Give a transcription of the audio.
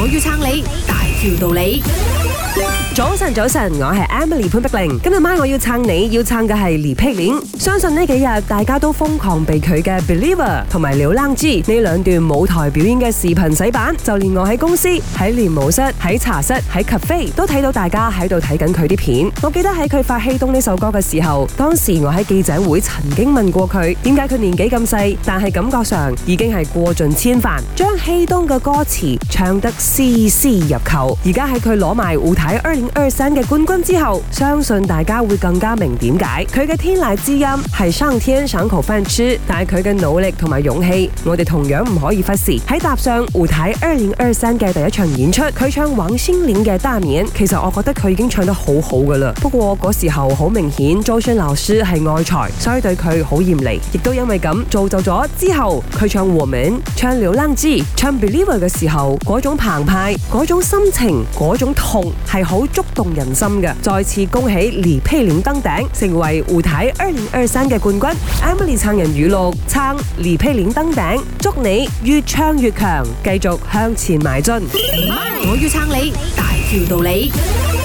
我要撐你，大條道理。早晨，早晨，我係 Emily 潘碧玲。今日晚我要撐你，要撐嘅係李佩玲。相信呢幾日大家都瘋狂被佢嘅 Believer 同埋了冷之呢兩段舞台表演嘅視頻洗版。就連我喺公司、喺練舞室、喺茶室、喺 cafe 都睇到大家喺度睇緊佢啲片。我記得喺佢發《希東》呢首歌嘅時候，當時我喺記者會曾經問過佢，點解佢年紀咁細，但係感覺上已經係過盡千帆，將希東嘅歌詞唱得絲絲入扣，而家喺佢攞埋護體二三嘅冠軍之後，相信大家會更加明點解佢嘅天籟之音係上天賞口飯食，但係佢嘅努力同埋勇氣，我哋同樣唔可以忽視。喺踏上胡太二零二三嘅第一場演出，佢唱《王星年》嘅單面，其實我覺得佢已經唱得很好好噶啦。不過嗰時候好明顯，Joseph 老師係愛才，所以對佢好嚴厲，亦都因為咁造就咗之後，佢唱《和名》、唱《流浪之》、唱《Believer》嘅時候，嗰種澎湃、嗰種心情、嗰種痛係好。是很觸動人心嘅，再次恭喜李佩玲登頂，成為湖體二零二三嘅冠軍。Emily 撐人語錄，撐李佩玲登頂，祝你越唱越強，繼續向前邁進。MY，我要撐你，大條道理。